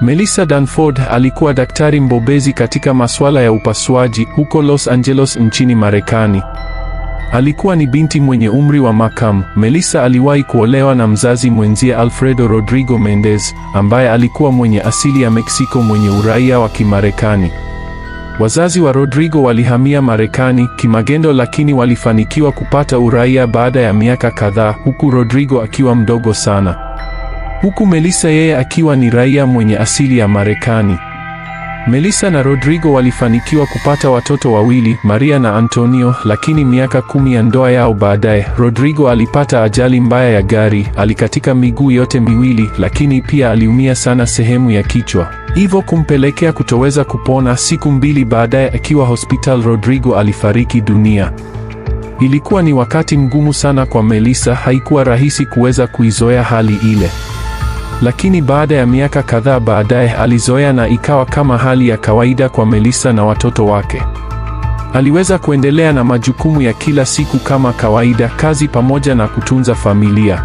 Melissa Danford alikuwa daktari mbobezi katika masuala ya upasuaji huko Los Angeles nchini Marekani. Alikuwa ni binti mwenye umri wa makamu. Melissa aliwahi kuolewa na mzazi mwenzie Alfredo Rodrigo Mendez ambaye alikuwa mwenye asili ya Meksiko mwenye uraia wa Kimarekani. Wazazi wa Rodrigo walihamia Marekani kimagendo, lakini walifanikiwa kupata uraia baada ya miaka kadhaa, huku Rodrigo akiwa mdogo sana huku Melissa yeye akiwa ni raia mwenye asili ya Marekani. Melissa na Rodrigo walifanikiwa kupata watoto wawili, Maria na Antonio, lakini miaka kumi ya ndoa yao baadaye, Rodrigo alipata ajali mbaya ya gari, alikatika miguu yote miwili, lakini pia aliumia sana sehemu ya kichwa, hivyo kumpelekea kutoweza kupona. Siku mbili baadaye, akiwa hospital, Rodrigo alifariki dunia. Ilikuwa ni wakati mgumu sana kwa Melissa, haikuwa rahisi kuweza kuizoea hali ile. Lakini baada ya miaka kadhaa baadaye alizoea na ikawa kama hali ya kawaida kwa Melissa na watoto wake. Aliweza kuendelea na majukumu ya kila siku kama kawaida, kazi pamoja na kutunza familia.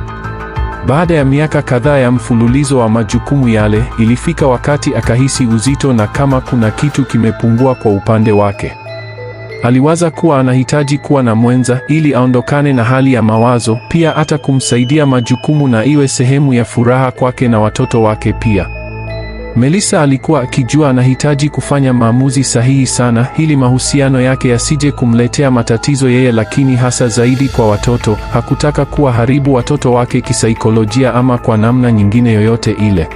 Baada ya miaka kadhaa ya mfululizo wa majukumu yale, ilifika wakati akahisi uzito na kama kuna kitu kimepungua kwa upande wake. Aliwaza kuwa anahitaji kuwa na mwenza ili aondokane na hali ya mawazo, pia hata kumsaidia majukumu na iwe sehemu ya furaha kwake na watoto wake pia. Melissa alikuwa akijua anahitaji kufanya maamuzi sahihi sana ili mahusiano yake yasije kumletea matatizo yeye, lakini hasa zaidi kwa watoto. Hakutaka kuwa haribu watoto wake kisaikolojia ama kwa namna nyingine yoyote ile.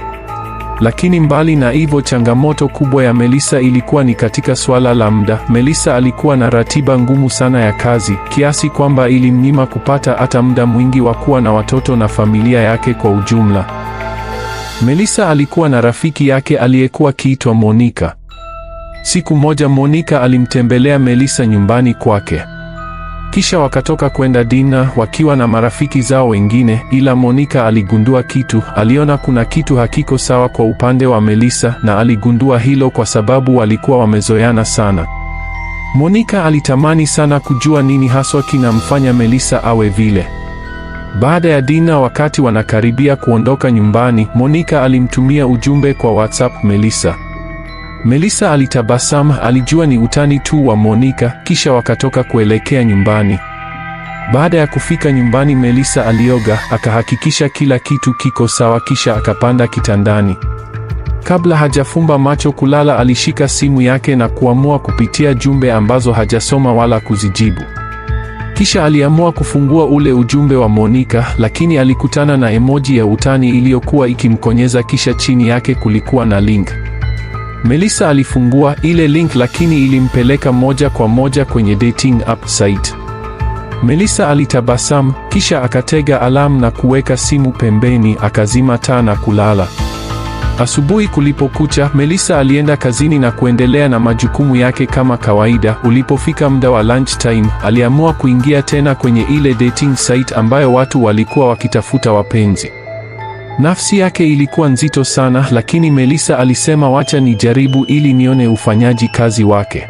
Lakini mbali na hivyo, changamoto kubwa ya Melissa ilikuwa ni katika suala la muda. Melissa alikuwa na ratiba ngumu sana ya kazi, kiasi kwamba ilimnyima kupata hata muda mwingi wa kuwa na watoto na familia yake kwa ujumla. Melissa alikuwa na rafiki yake aliyekuwa akiitwa Monica. Siku moja Monica alimtembelea Melissa nyumbani kwake. Kisha wakatoka kwenda dina wakiwa na marafiki zao wengine, ila Monica aligundua kitu. Aliona kuna kitu hakiko sawa kwa upande wa Melissa, na aligundua hilo kwa sababu walikuwa wamezoeana sana. Monica alitamani sana kujua nini haswa kinamfanya Melissa awe vile. Baada ya dina, wakati wanakaribia kuondoka nyumbani, Monica alimtumia ujumbe kwa WhatsApp Melissa. Melissa alitabasamu, alijua ni utani tu wa Monica, kisha wakatoka kuelekea nyumbani. Baada ya kufika nyumbani, Melissa alioga, akahakikisha kila kitu kiko sawa, kisha akapanda kitandani. Kabla hajafumba macho kulala, alishika simu yake na kuamua kupitia jumbe ambazo hajasoma wala kuzijibu. Kisha aliamua kufungua ule ujumbe wa Monica, lakini alikutana na emoji ya utani iliyokuwa ikimkonyeza, kisha chini yake kulikuwa na link. Melissa alifungua ile link lakini ilimpeleka moja kwa moja kwenye dating app site. Melissa alitabasamu kisha akatega alamu na kuweka simu pembeni, akazima taa na kulala. Asubuhi kulipokucha, Melissa alienda kazini na kuendelea na majukumu yake kama kawaida. Ulipofika muda wa lunch time, aliamua kuingia tena kwenye ile dating site ambayo watu walikuwa wakitafuta wapenzi. Nafsi yake ilikuwa nzito sana, lakini Melissa alisema wacha nijaribu ili nione ufanyaji kazi wake.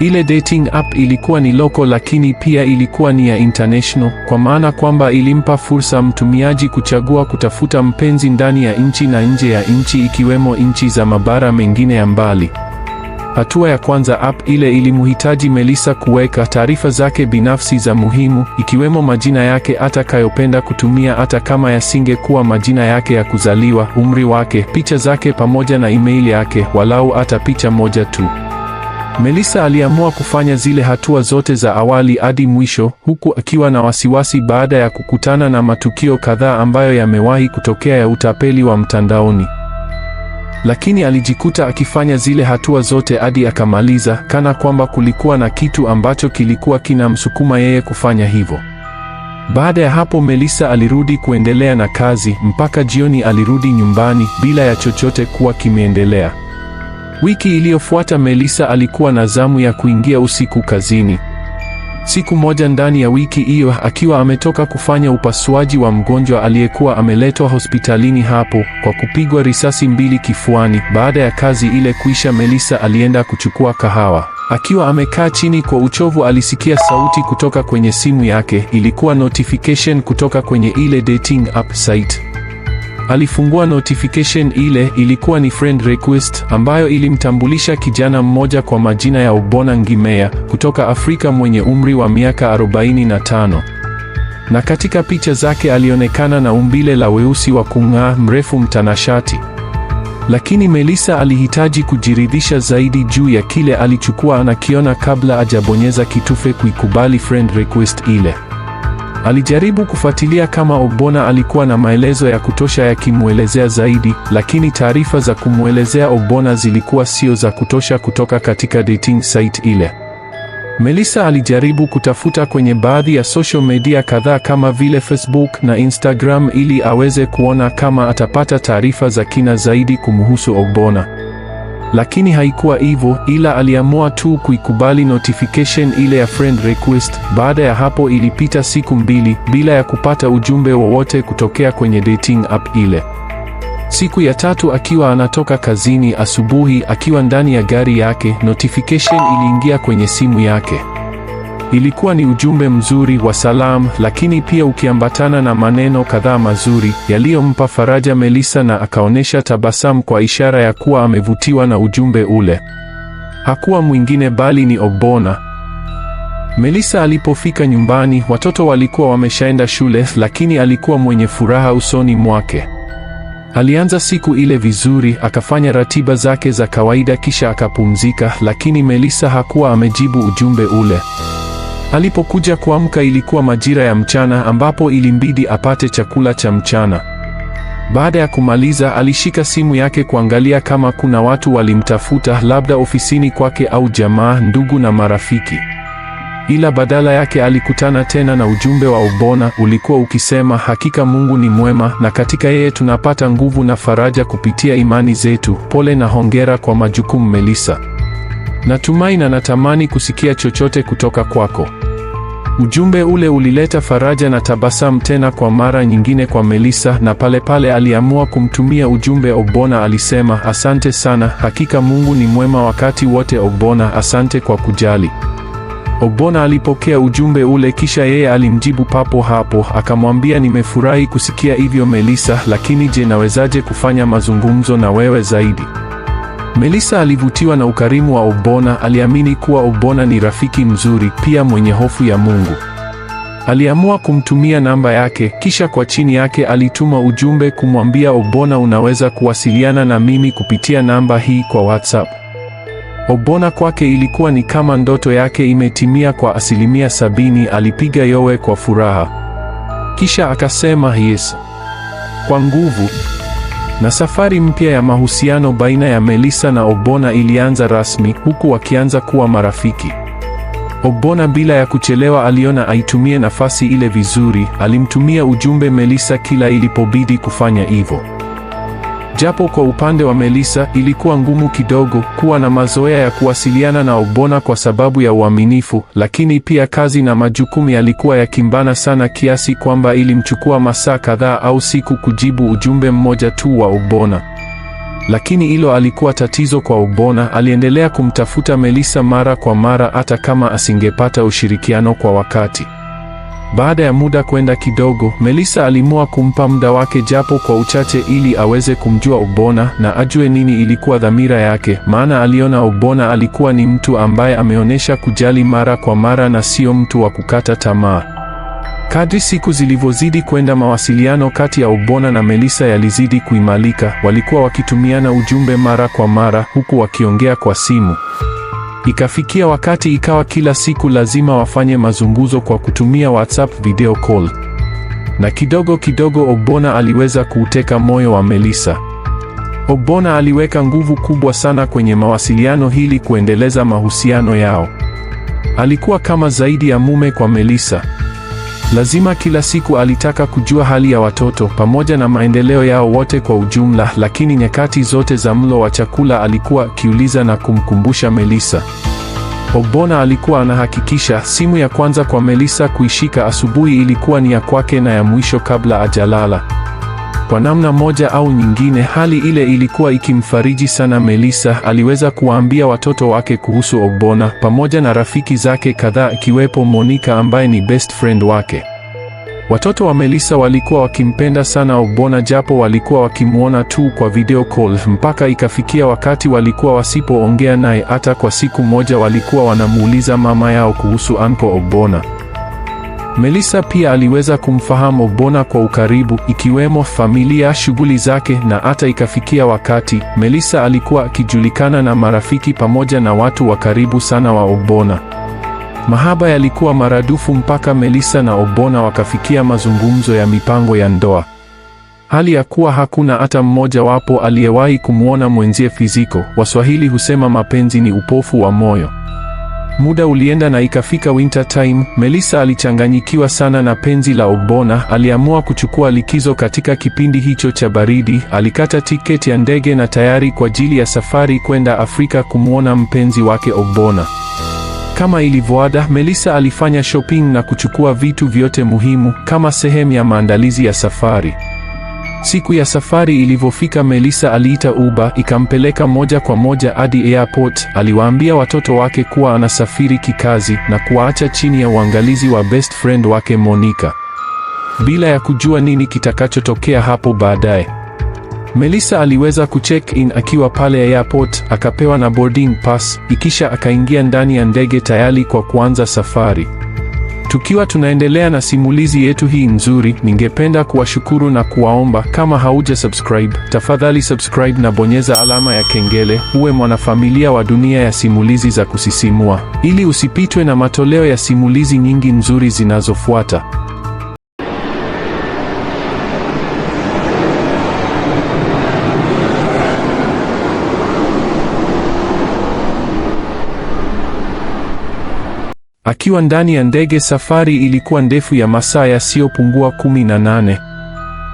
Ile dating app ilikuwa ni loko, lakini pia ilikuwa ni ya international, kwa maana kwamba ilimpa fursa mtumiaji kuchagua kutafuta mpenzi ndani ya nchi na nje ya nchi, ikiwemo nchi za mabara mengine ya mbali. Hatua ya kwanza app ile ilimhitaji Melissa kuweka taarifa zake binafsi za muhimu, ikiwemo majina yake atakayopenda kutumia hata kama yasingekuwa majina yake ya kuzaliwa, umri wake, picha zake pamoja na email yake, walau hata picha moja tu. Melissa aliamua kufanya zile hatua zote za awali hadi mwisho, huku akiwa na wasiwasi baada ya kukutana na matukio kadhaa ambayo yamewahi kutokea ya utapeli wa mtandaoni lakini alijikuta akifanya zile hatua zote hadi akamaliza, kana kwamba kulikuwa na kitu ambacho kilikuwa kinamsukuma yeye kufanya hivyo. Baada ya hapo, Melissa alirudi kuendelea na kazi mpaka jioni alirudi nyumbani bila ya chochote kuwa kimeendelea. Wiki iliyofuata Melissa alikuwa na zamu ya kuingia usiku kazini. Siku moja ndani ya wiki hiyo, akiwa ametoka kufanya upasuaji wa mgonjwa aliyekuwa ameletwa hospitalini hapo kwa kupigwa risasi mbili kifuani. Baada ya kazi ile kuisha, Melissa alienda kuchukua kahawa. Akiwa amekaa chini kwa uchovu, alisikia sauti kutoka kwenye simu yake. Ilikuwa notification kutoka kwenye ile dating app site. Alifungua notification ile, ilikuwa ni friend request ambayo ilimtambulisha kijana mmoja kwa majina ya ubona Ngimea kutoka Afrika mwenye umri wa miaka 45. Na katika picha zake alionekana na umbile la weusi wa kung'aa, mrefu, mtanashati. Lakini Melissa alihitaji kujiridhisha zaidi juu ya kile alichukua anakiona kabla ajabonyeza kitufe kuikubali friend request ile. Alijaribu kufuatilia kama obona alikuwa na maelezo ya kutosha ya zaidi, lakini taarifa za kumwelezea obona zilikuwa sio za kutosha kutoka katika dating site ile. Melissa alijaribu kutafuta kwenye baadhi ya social media kadhaa kama vile Facebook na Instagram ili aweze kuona kama atapata taarifa za kina zaidi kumhusu obona lakini haikuwa hivyo, ila aliamua tu kuikubali notification ile ya friend request. Baada ya hapo, ilipita siku mbili bila ya kupata ujumbe wowote kutokea kwenye dating app ile. Siku ya tatu akiwa anatoka kazini asubuhi, akiwa ndani ya gari yake, notification iliingia kwenye simu yake. Ilikuwa ni ujumbe mzuri wa salam lakini pia ukiambatana na maneno kadhaa mazuri yaliyompa faraja Melissa, na akaonyesha tabasamu kwa ishara ya kuwa amevutiwa na ujumbe ule. Hakuwa mwingine bali ni Obona. Melissa alipofika nyumbani, watoto walikuwa wameshaenda shule, lakini alikuwa mwenye furaha usoni mwake. Alianza siku ile vizuri, akafanya ratiba zake za kawaida kisha akapumzika, lakini Melissa hakuwa amejibu ujumbe ule. Alipokuja kuamka ilikuwa majira ya mchana ambapo ilimbidi apate chakula cha mchana. Baada ya kumaliza, alishika simu yake kuangalia kama kuna watu walimtafuta, labda ofisini kwake au jamaa, ndugu na marafiki. Ila badala yake alikutana tena na ujumbe wa Obona ulikuwa ukisema, hakika Mungu ni mwema na katika yeye tunapata nguvu na faraja kupitia imani zetu. Pole na hongera kwa majukumu Melissa. Natumai na natamani kusikia chochote kutoka kwako. Ujumbe ule ulileta faraja na tabasamu tena kwa mara nyingine kwa Melissa, na pale pale aliamua kumtumia ujumbe Obona. Alisema, asante sana, hakika Mungu ni mwema wakati wote Obona, asante kwa kujali. Obona alipokea ujumbe ule, kisha yeye alimjibu papo hapo, akamwambia nimefurahi kusikia hivyo Melissa, lakini je, nawezaje kufanya mazungumzo na wewe zaidi? Melissa alivutiwa na ukarimu wa Obona. Aliamini kuwa Obona ni rafiki mzuri, pia mwenye hofu ya Mungu. Aliamua kumtumia namba yake, kisha kwa chini yake alituma ujumbe kumwambia Obona, unaweza kuwasiliana na mimi kupitia namba hii kwa WhatsApp. Obona kwake ilikuwa ni kama ndoto yake imetimia kwa asilimia sabini. Alipiga yowe kwa furaha, kisha akasema yes kwa nguvu. Na safari mpya ya mahusiano baina ya Melissa na Obona ilianza rasmi, huku wakianza kuwa marafiki. Obona bila ya kuchelewa aliona aitumie nafasi ile vizuri, alimtumia ujumbe Melissa kila ilipobidi kufanya hivyo. Japo kwa upande wa Melissa ilikuwa ngumu kidogo kuwa na mazoea ya kuwasiliana na Obona kwa sababu ya uaminifu, lakini pia kazi na majukumu yalikuwa yakimbana sana kiasi kwamba ilimchukua masaa kadhaa au siku kujibu ujumbe mmoja tu wa Obona. Lakini hilo alikuwa tatizo kwa Obona, aliendelea kumtafuta Melissa mara kwa mara hata kama asingepata ushirikiano kwa wakati. Baada ya muda kwenda kidogo, Melissa alimua kumpa muda wake japo kwa uchache ili aweze kumjua ubona na ajue nini ilikuwa dhamira yake, maana aliona Obona alikuwa ni mtu ambaye ameonyesha kujali mara kwa mara na sio mtu wa kukata tamaa. Kadri siku zilivyozidi kwenda, mawasiliano kati ya Obona na Melissa yalizidi kuimalika. Walikuwa wakitumiana ujumbe mara kwa mara huku wakiongea kwa simu. Ikafikia wakati ikawa kila siku lazima wafanye mazungumzo kwa kutumia WhatsApp video call, na kidogo kidogo obona aliweza kuuteka moyo wa Melissa. ogbona aliweka nguvu kubwa sana kwenye mawasiliano hili kuendeleza mahusiano yao. Alikuwa kama zaidi ya mume kwa Melissa. Lazima kila siku alitaka kujua hali ya watoto pamoja na maendeleo yao wote kwa ujumla, lakini nyakati zote za mlo wa chakula alikuwa akiuliza na kumkumbusha Melissa. Obona alikuwa anahakikisha simu ya kwanza kwa Melissa kuishika asubuhi ilikuwa ni ya kwake na ya mwisho kabla ajalala. Kwa namna moja au nyingine, hali ile ilikuwa ikimfariji sana Melissa. Aliweza kuwaambia watoto wake kuhusu Obona pamoja na rafiki zake kadhaa, ikiwepo Monica ambaye ni best friend wake. Watoto wa Melissa walikuwa wakimpenda sana Obona japo walikuwa wakimwona tu kwa video call, mpaka ikafikia wakati walikuwa wasipoongea naye hata kwa siku moja, walikuwa wanamuuliza mama yao kuhusu Uncle Obona. Melissa pia aliweza kumfahamu Obona kwa ukaribu, ikiwemo familia, shughuli zake, na hata ikafikia wakati Melissa alikuwa akijulikana na marafiki pamoja na watu wa karibu sana wa Obona. Mahaba yalikuwa maradufu mpaka Melissa na Obona wakafikia mazungumzo ya mipango ya ndoa, hali ya kuwa hakuna hata mmoja wapo aliyewahi kumwona mwenzie fiziko. Waswahili husema mapenzi ni upofu wa moyo. Muda ulienda na ikafika winter time. Melissa alichanganyikiwa sana na penzi la Obona. Aliamua kuchukua likizo katika kipindi hicho cha baridi. Alikata tiketi ya ndege na tayari kwa ajili ya safari kwenda Afrika kumwona mpenzi wake Obona. Kama ilivyoada, Melissa alifanya shopping na kuchukua vitu vyote muhimu kama sehemu ya maandalizi ya safari. Siku ya safari ilivyofika, Melissa aliita Uber ikampeleka moja kwa moja hadi airport. Aliwaambia watoto wake kuwa anasafiri kikazi na kuwaacha chini ya uangalizi wa best friend wake Monica, bila ya kujua nini kitakachotokea hapo baadaye. Melissa aliweza kucheck in akiwa pale airport, akapewa na boarding pass, ikisha akaingia ndani ya ndege tayari kwa kuanza safari. Tukiwa tunaendelea na simulizi yetu hii nzuri, ningependa kuwashukuru na kuwaomba kama hauja subscribe, tafadhali subscribe na bonyeza alama ya kengele, uwe mwanafamilia wa Dunia ya Simulizi za Kusisimua ili usipitwe na matoleo ya simulizi nyingi nzuri zinazofuata. Akiwa ndani ya ndege, safari ilikuwa ndefu ya masaa yasiyopungua kumi na nane.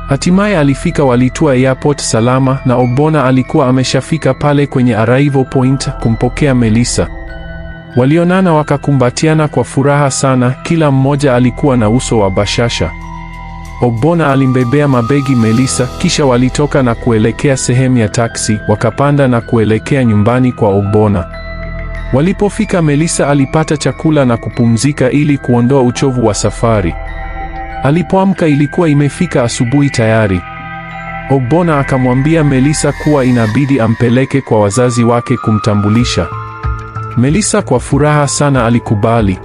Hatimaye alifika Walitua Airport salama, na Obona alikuwa ameshafika pale kwenye arrival point kumpokea Melissa. Walionana wakakumbatiana kwa furaha sana, kila mmoja alikuwa na uso wa bashasha. Obona alimbebea mabegi Melissa, kisha walitoka na kuelekea sehemu ya taksi, wakapanda na kuelekea nyumbani kwa Obona. Walipofika, Melissa alipata chakula na kupumzika ili kuondoa uchovu wa safari. Alipoamka ilikuwa imefika asubuhi tayari. Obona akamwambia Melissa kuwa inabidi ampeleke kwa wazazi wake kumtambulisha. Melissa kwa furaha sana alikubali.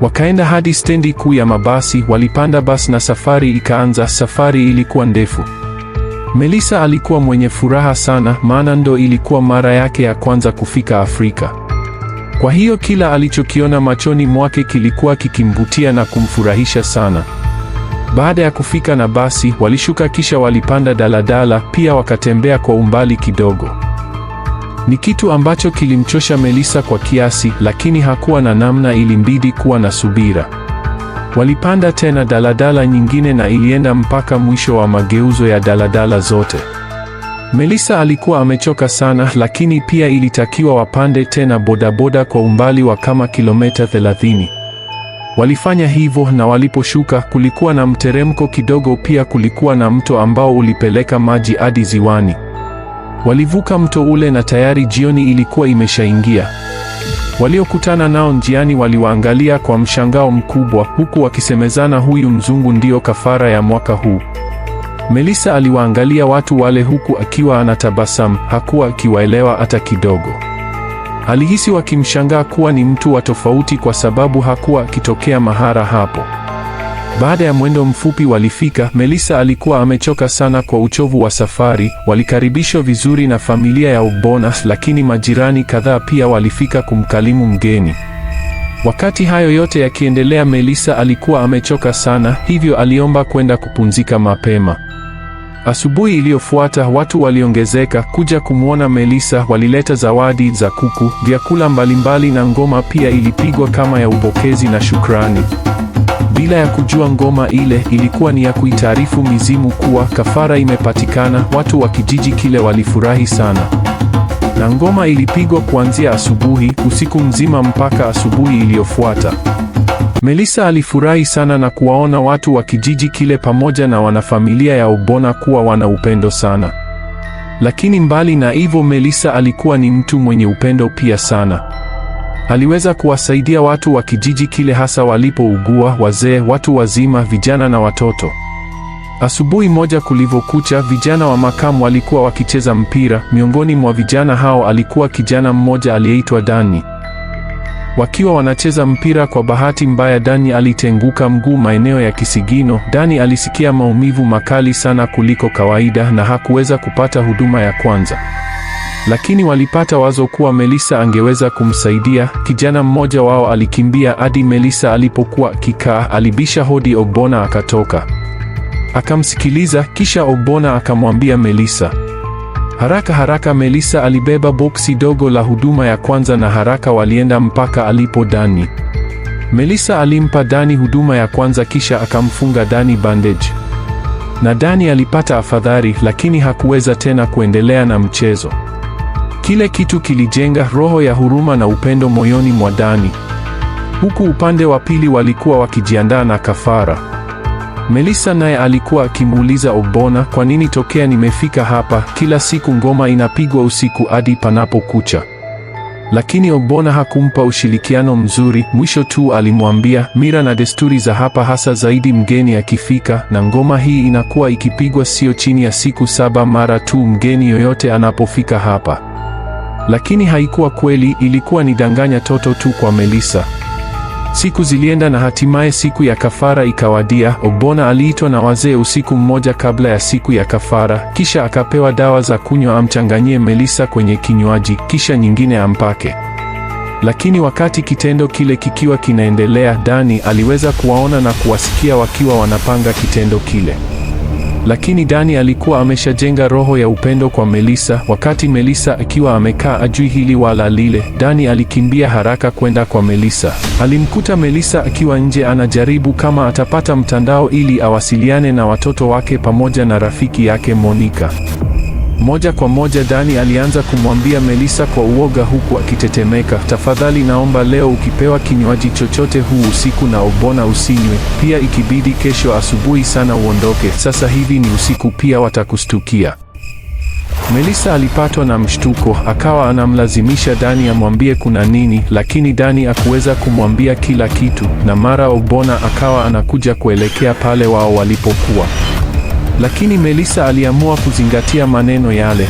Wakaenda hadi stendi kuu ya mabasi, walipanda basi na safari ikaanza. Safari ilikuwa ndefu. Melissa alikuwa mwenye furaha sana maana ndo ilikuwa mara yake ya kwanza kufika Afrika. Kwa hiyo kila alichokiona machoni mwake kilikuwa kikimvutia na kumfurahisha sana. Baada ya kufika na basi, walishuka kisha walipanda daladala, pia wakatembea kwa umbali kidogo. Ni kitu ambacho kilimchosha Melissa kwa kiasi, lakini hakuwa na namna, ilimbidi kuwa na subira. Walipanda tena daladala nyingine na ilienda mpaka mwisho wa mageuzo ya daladala zote. Melissa alikuwa amechoka sana, lakini pia ilitakiwa wapande tena bodaboda kwa umbali wa kama kilomita 30. Walifanya hivyo na waliposhuka kulikuwa na mteremko kidogo, pia kulikuwa na mto ambao ulipeleka maji hadi ziwani. Walivuka mto ule na tayari jioni ilikuwa imeshaingia. Waliokutana nao njiani waliwaangalia kwa mshangao mkubwa, huku wakisemezana, huyu mzungu ndiyo kafara ya mwaka huu. Melissa aliwaangalia watu wale huku akiwa anatabasamu, hakuwa akiwaelewa hata kidogo. Alihisi wakimshangaa kuwa ni mtu wa tofauti kwa sababu hakuwa akitokea mahara hapo. Baada ya mwendo mfupi walifika. Melissa alikuwa amechoka sana kwa uchovu wa safari. Walikaribishwa vizuri na familia ya ubona lakini majirani kadhaa pia walifika kumkalimu mgeni. Wakati hayo yote yakiendelea, Melissa alikuwa amechoka sana, hivyo aliomba kwenda kupumzika mapema. Asubuhi iliyofuata watu waliongezeka kuja kumwona Melissa. Walileta zawadi za kuku, vyakula mbalimbali na ngoma pia ilipigwa kama ya upokezi na shukrani. Bila ya kujua, ngoma ile ilikuwa ni ya kuitaarifu mizimu kuwa kafara imepatikana. Watu wa kijiji kile walifurahi sana, na ngoma ilipigwa kuanzia asubuhi, usiku mzima mpaka asubuhi iliyofuata. Melissa alifurahi sana na kuwaona watu wa kijiji kile pamoja na wanafamilia ya Obona kuwa wana upendo sana. Lakini mbali na hivyo, Melissa alikuwa ni mtu mwenye upendo pia sana. Aliweza kuwasaidia watu wa kijiji kile hasa walipougua, wazee, watu wazima, vijana na watoto. Asubuhi moja kulivyokucha, vijana wa makamu walikuwa wakicheza mpira. Miongoni mwa vijana hao alikuwa kijana mmoja aliyeitwa Dani. Wakiwa wanacheza mpira, kwa bahati mbaya Dani alitenguka mguu maeneo ya kisigino. Dani alisikia maumivu makali sana kuliko kawaida na hakuweza kupata huduma ya kwanza. Lakini walipata wazo kuwa Melissa angeweza kumsaidia. Kijana mmoja wao alikimbia hadi Melissa alipokuwa kikaa, alibisha hodi obona akatoka. Akamsikiliza kisha obona akamwambia Melissa Haraka haraka Melissa alibeba boksi dogo la huduma ya kwanza na haraka walienda mpaka alipo Dani. Melissa alimpa Dani huduma ya kwanza kisha akamfunga Dani bandage. Na Dani alipata afadhali lakini hakuweza tena kuendelea na mchezo. Kile kitu kilijenga roho ya huruma na upendo moyoni mwa Dani. Huku upande wa pili walikuwa wakijiandaa na kafara. Melissa naye alikuwa akimuuliza Obona, kwa nini tokea nimefika hapa kila siku ngoma inapigwa usiku hadi panapokucha? Lakini Obona hakumpa ushirikiano mzuri. Mwisho tu alimwambia, mira na desturi za hapa, hasa zaidi mgeni akifika, na ngoma hii inakuwa ikipigwa sio chini ya siku saba mara tu mgeni yoyote anapofika hapa. Lakini haikuwa kweli, ilikuwa ni danganya toto tu kwa Melissa. Siku zilienda na hatimaye siku ya kafara ikawadia. obona aliitwa na wazee usiku mmoja kabla ya siku ya kafara, kisha akapewa dawa za kunywa, amchanganyie melisa kwenye kinywaji, kisha nyingine ampake. Lakini wakati kitendo kile kikiwa kinaendelea, Dani aliweza kuwaona na kuwasikia wakiwa wanapanga kitendo kile. Lakini Dani alikuwa ameshajenga roho ya upendo kwa Melissa. Wakati Melissa akiwa amekaa ajui hili wala lile, Dani alikimbia haraka kwenda kwa Melissa. Alimkuta Melissa akiwa nje anajaribu kama atapata mtandao ili awasiliane na watoto wake pamoja na rafiki yake Monica. Moja kwa moja Dani alianza kumwambia Melissa kwa uoga huku akitetemeka, tafadhali naomba leo ukipewa kinywaji chochote huu usiku na obona usinywe, pia ikibidi kesho asubuhi sana uondoke, sasa hivi ni usiku pia watakustukia. Melissa alipatwa na mshtuko, akawa anamlazimisha Dani amwambie kuna nini, lakini Dani akuweza kumwambia kila kitu, na mara Obona akawa anakuja kuelekea pale wao walipokuwa. Lakini Melissa aliamua kuzingatia maneno yale.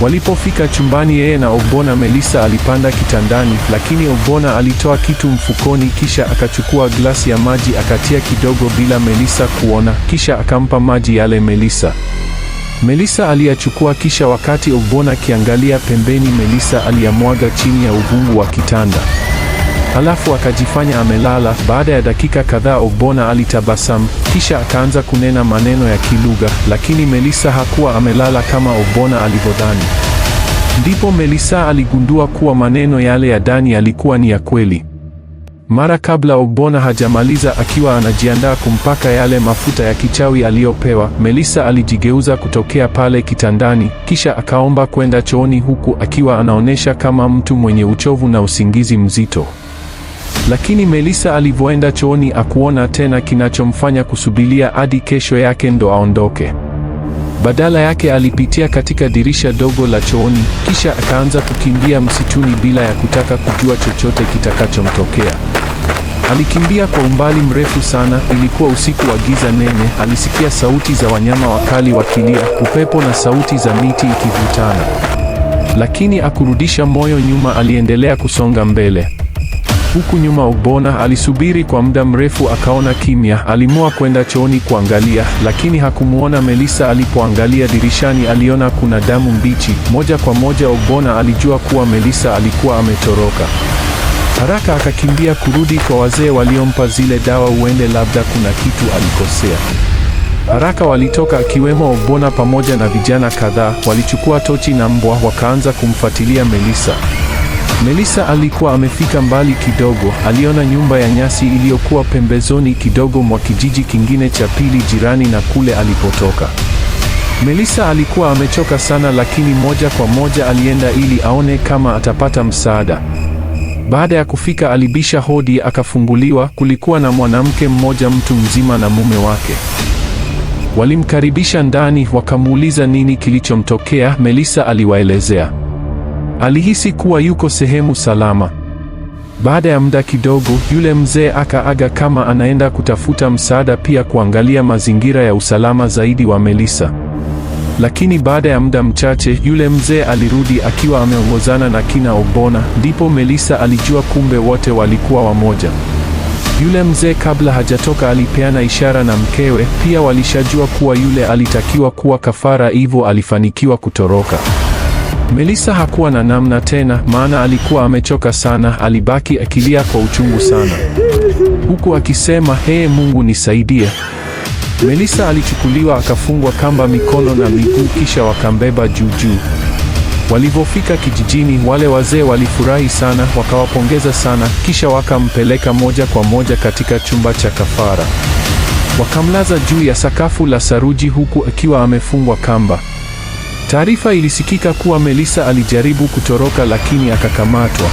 Walipofika chumbani, yeye na Obona, Melissa alipanda kitandani, lakini Obona alitoa kitu mfukoni, kisha akachukua glasi ya maji akatia kidogo bila Melissa kuona, kisha akampa maji yale Melissa. Melissa aliyachukua, kisha wakati Obona akiangalia pembeni, Melissa aliyamwaga chini ya uvungu wa kitanda. Halafu akajifanya amelala. Baada ya dakika kadhaa, obona alitabasamu, kisha akaanza kunena maneno ya Kilugha, lakini Melissa hakuwa amelala kama obona alivyodhani. Ndipo Melissa aligundua kuwa maneno yale ya Dani yalikuwa ni ya kweli. Mara kabla obona hajamaliza, akiwa anajiandaa kumpaka yale mafuta ya kichawi aliyopewa, Melissa alijigeuza kutokea pale kitandani, kisha akaomba kwenda chooni, huku akiwa anaonyesha kama mtu mwenye uchovu na usingizi mzito. Lakini Melissa alivyoenda chooni akuona tena kinachomfanya kusubilia hadi kesho yake ndo aondoke. Badala yake alipitia katika dirisha dogo la chooni, kisha akaanza kukimbia msituni bila ya kutaka kujua chochote kitakachomtokea. Alikimbia kwa umbali mrefu sana. Ilikuwa usiku wa giza nene. Alisikia sauti za wanyama wakali wakilia, upepo na sauti za miti ikivutana, lakini akurudisha moyo nyuma. Aliendelea kusonga mbele. Huku nyuma ogbona alisubiri kwa muda mrefu, akaona kimya. Alimua kwenda chooni kuangalia, lakini hakumwona Melissa. Alipoangalia dirishani, aliona kuna damu mbichi. Moja kwa moja ogbona alijua kuwa Melissa alikuwa ametoroka. Haraka akakimbia kurudi kwa wazee waliompa zile dawa, uende labda kuna kitu alikosea. Haraka walitoka akiwemo ogbona pamoja na vijana kadhaa. Walichukua tochi na mbwa, wakaanza kumfuatilia Melissa. Melissa alikuwa amefika mbali kidogo, aliona nyumba ya nyasi iliyokuwa pembezoni kidogo mwa kijiji kingine cha pili jirani na kule alipotoka. Melissa alikuwa amechoka sana, lakini moja kwa moja alienda ili aone kama atapata msaada. Baada ya kufika, alibisha hodi, akafunguliwa. Kulikuwa na mwanamke mmoja, mtu mzima na mume wake. Walimkaribisha ndani, wakamuuliza nini kilichomtokea. Melissa aliwaelezea. Alihisi kuwa yuko sehemu salama. Baada ya muda kidogo, yule mzee akaaga kama anaenda kutafuta msaada pia kuangalia mazingira ya usalama zaidi wa Melissa. Lakini baada ya muda mchache, yule mzee alirudi akiwa ameongozana na kina Obona, ndipo Melissa alijua kumbe wote walikuwa wamoja. Yule mzee kabla hajatoka alipeana ishara na mkewe, pia walishajua kuwa yule alitakiwa kuwa kafara, hivyo alifanikiwa kutoroka. Melissa hakuwa na namna tena, maana alikuwa amechoka sana. Alibaki akilia kwa uchungu sana, huku akisema ee, Mungu nisaidie. Melissa alichukuliwa akafungwa kamba mikono na miguu, kisha wakambeba juu juu. Walivyofika kijijini, wale wazee walifurahi sana, wakawapongeza sana, kisha wakampeleka moja kwa moja katika chumba cha kafara. Wakamlaza juu ya sakafu la saruji, huku akiwa amefungwa kamba. Taarifa ilisikika kuwa Melissa alijaribu kutoroka lakini akakamatwa.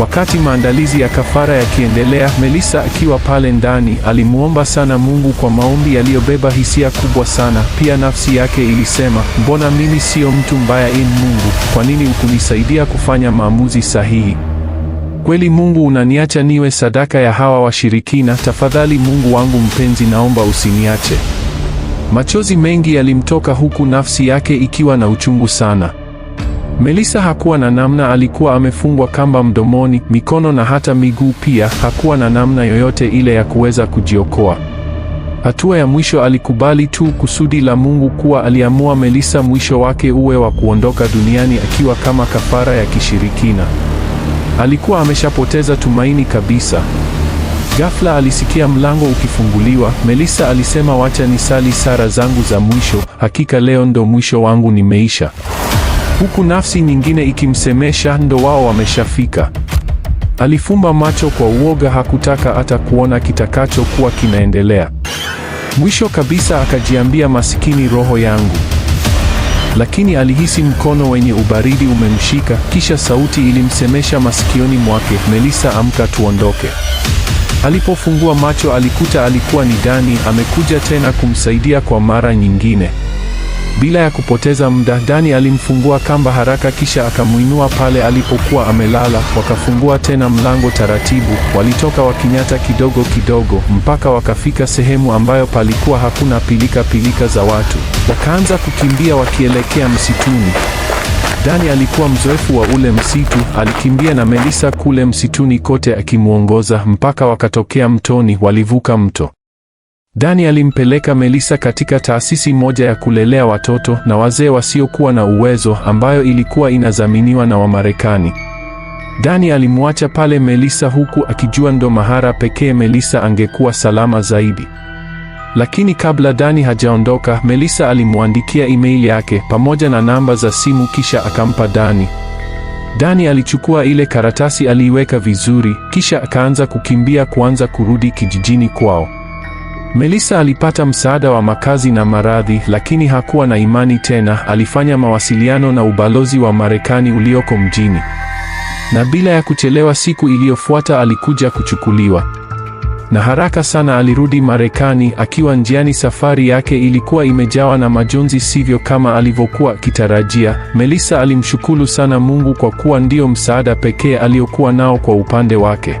Wakati maandalizi ya kafara yakiendelea, Melissa akiwa pale ndani alimwomba sana Mungu kwa maombi yaliyobeba hisia kubwa sana. Pia nafsi yake ilisema, mbona mimi siyo mtu mbaya in Mungu, kwa nini ukunisaidia kufanya maamuzi sahihi? Kweli Mungu unaniacha niwe sadaka ya hawa washirikina? Tafadhali Mungu wangu mpenzi, naomba usiniache. Machozi mengi yalimtoka huku nafsi yake ikiwa na uchungu sana. Melissa hakuwa na namna, alikuwa amefungwa kamba mdomoni, mikono na hata miguu pia. Hakuwa na namna yoyote ile ya kuweza kujiokoa. Hatua ya mwisho alikubali tu kusudi la Mungu kuwa aliamua Melissa mwisho wake uwe wa kuondoka duniani akiwa kama kafara ya kishirikina. Alikuwa ameshapoteza tumaini kabisa. Ghafla alisikia mlango ukifunguliwa. Melissa alisema, wacha nisali sala zangu za mwisho, hakika leo ndo mwisho wangu nimeisha, huku nafsi nyingine ikimsemesha ndo wao wameshafika. Alifumba macho kwa uoga, hakutaka hata kuona kitakachokuwa kinaendelea. Mwisho kabisa akajiambia, masikini roho yangu. Lakini alihisi mkono wenye ubaridi umemshika, kisha sauti ilimsemesha masikioni mwake, Melissa, amka tuondoke. Alipofungua macho alikuta alikuwa ni Dani amekuja tena kumsaidia kwa mara nyingine. Bila ya kupoteza muda, Dani alimfungua kamba haraka, kisha akamwinua pale alipokuwa amelala. Wakafungua tena mlango taratibu, walitoka wakinyata kidogo kidogo mpaka wakafika sehemu ambayo palikuwa hakuna pilika pilika za watu. Wakaanza kukimbia wakielekea msituni. Dani alikuwa mzoefu wa ule msitu, alikimbia na Melisa kule msituni kote akimwongoza mpaka wakatokea mtoni, walivuka mto. Dani alimpeleka Melisa katika taasisi moja ya kulelea watoto na wazee wasiokuwa na uwezo ambayo ilikuwa inazaminiwa na Wamarekani. Dani alimwacha pale Melisa huku akijua ndo mahara pekee Melisa angekuwa salama zaidi. Lakini kabla Dani hajaondoka, Melissa alimwandikia email yake pamoja na namba za simu kisha akampa Dani. Dani alichukua ile karatasi, aliiweka vizuri, kisha akaanza kukimbia kuanza kurudi kijijini kwao. Melissa alipata msaada wa makazi na maradhi, lakini hakuwa na imani tena. Alifanya mawasiliano na ubalozi wa Marekani ulioko mjini, na bila ya kuchelewa, siku iliyofuata alikuja kuchukuliwa na haraka sana alirudi Marekani. Akiwa njiani, safari yake ilikuwa imejawa na majonzi, sivyo kama alivyokuwa akitarajia. Melissa alimshukuru sana Mungu kwa kuwa ndio msaada pekee aliyokuwa nao kwa upande wake.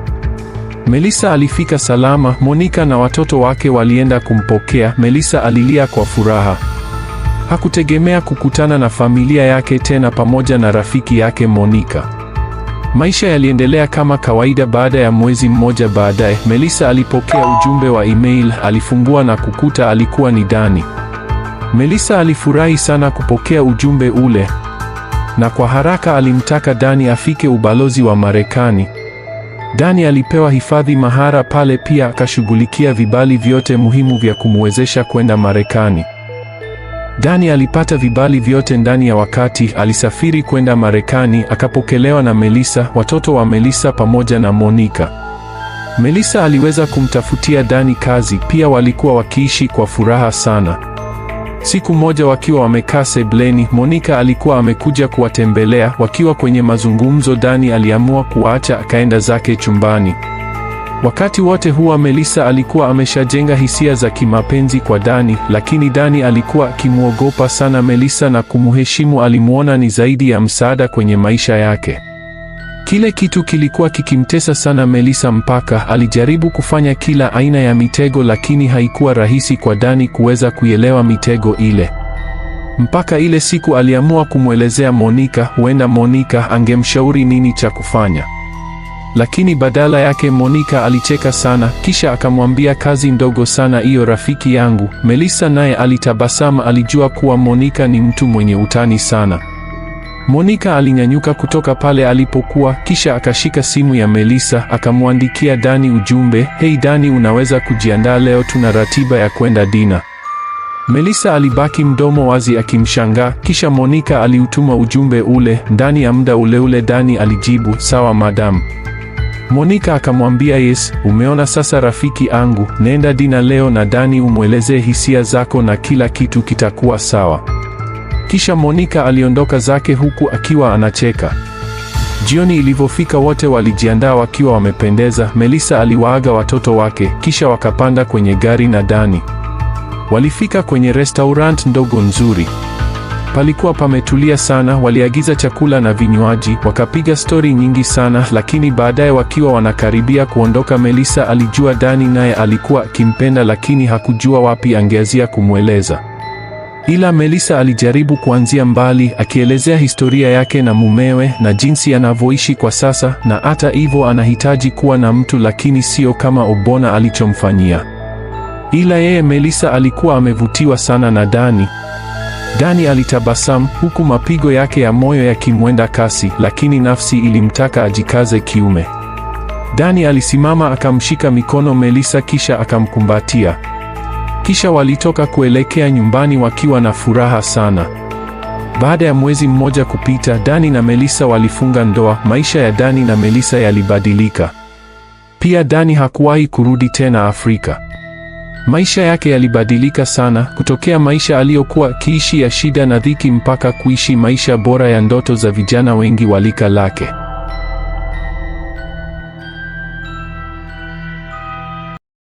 Melissa alifika salama, Monica na watoto wake walienda kumpokea. Melissa alilia kwa furaha. Hakutegemea kukutana na familia yake tena pamoja na rafiki yake Monica. Maisha yaliendelea kama kawaida. Baada ya mwezi mmoja baadaye, Melissa alipokea ujumbe wa email. Alifungua na kukuta alikuwa ni Dani. Melissa alifurahi sana kupokea ujumbe ule, na kwa haraka alimtaka Dani afike ubalozi wa Marekani. Dani alipewa hifadhi mahara pale, pia akashughulikia vibali vyote muhimu vya kumwezesha kwenda Marekani. Dani alipata vibali vyote ndani ya wakati. Alisafiri kwenda Marekani, akapokelewa na Melissa, watoto wa Melissa pamoja na Monica. Melissa aliweza kumtafutia Dani kazi, pia walikuwa wakiishi kwa furaha sana. Siku moja wakiwa wamekaa sebleni, Monica alikuwa amekuja kuwatembelea. Wakiwa kwenye mazungumzo, Dani aliamua kuacha akaenda zake chumbani. Wakati wote huwa Melissa alikuwa ameshajenga hisia za kimapenzi kwa Dani, lakini Dani alikuwa akimwogopa sana Melissa na kumheshimu. Alimwona ni zaidi ya msaada kwenye maisha yake. Kile kitu kilikuwa kikimtesa sana Melissa mpaka alijaribu kufanya kila aina ya mitego, lakini haikuwa rahisi kwa Dani kuweza kuielewa mitego ile. Mpaka ile siku aliamua kumwelezea Monica, huenda Monica angemshauri nini cha kufanya. Lakini badala yake Monica alicheka sana, kisha akamwambia kazi ndogo sana hiyo rafiki yangu. Melissa naye alitabasama, alijua kuwa Monica ni mtu mwenye utani sana. Monica alinyanyuka kutoka pale alipokuwa, kisha akashika simu ya Melissa akamwandikia Dani ujumbe, hei Dani, unaweza kujiandaa leo, tuna ratiba ya kwenda dina. Melissa alibaki mdomo wazi akimshangaa, kisha Monica aliutuma ujumbe ule ndani ya muda ule ule. Dani alijibu sawa madamu. Monika akamwambia Yesu, umeona sasa rafiki angu, nenda Dina leo, na dani umwelezee hisia zako na kila kitu kitakuwa sawa. Kisha Monika aliondoka zake huku akiwa anacheka. Jioni ilivyofika, wote walijiandaa wakiwa wamependeza. Melissa aliwaaga watoto wake, kisha wakapanda kwenye gari na Dani. Walifika kwenye restaurant ndogo nzuri. Palikuwa pametulia sana, waliagiza chakula na vinywaji, wakapiga stori nyingi sana, lakini baadaye wakiwa wanakaribia kuondoka, Melissa alijua Dani naye alikuwa akimpenda, lakini hakujua wapi angeazia kumweleza. Ila Melissa alijaribu kuanzia mbali, akielezea historia yake na mumewe na jinsi anavyoishi kwa sasa, na hata hivyo anahitaji kuwa na mtu, lakini sio kama Obona alichomfanyia. Ila yeye Melissa alikuwa amevutiwa sana na Dani. Dani alitabasamu huku mapigo yake ya moyo yakimwenda kasi, lakini nafsi ilimtaka ajikaze kiume. Dani alisimama akamshika mikono Melissa kisha akamkumbatia. Kisha walitoka kuelekea nyumbani wakiwa na furaha sana. Baada ya mwezi mmoja kupita, Dani na Melissa walifunga ndoa. Maisha ya Dani na Melissa yalibadilika. Pia Dani hakuwahi kurudi tena Afrika. Maisha yake yalibadilika sana kutokea maisha aliyokuwa akiishi ya shida na dhiki mpaka kuishi maisha bora ya ndoto za vijana wengi wa lika lake.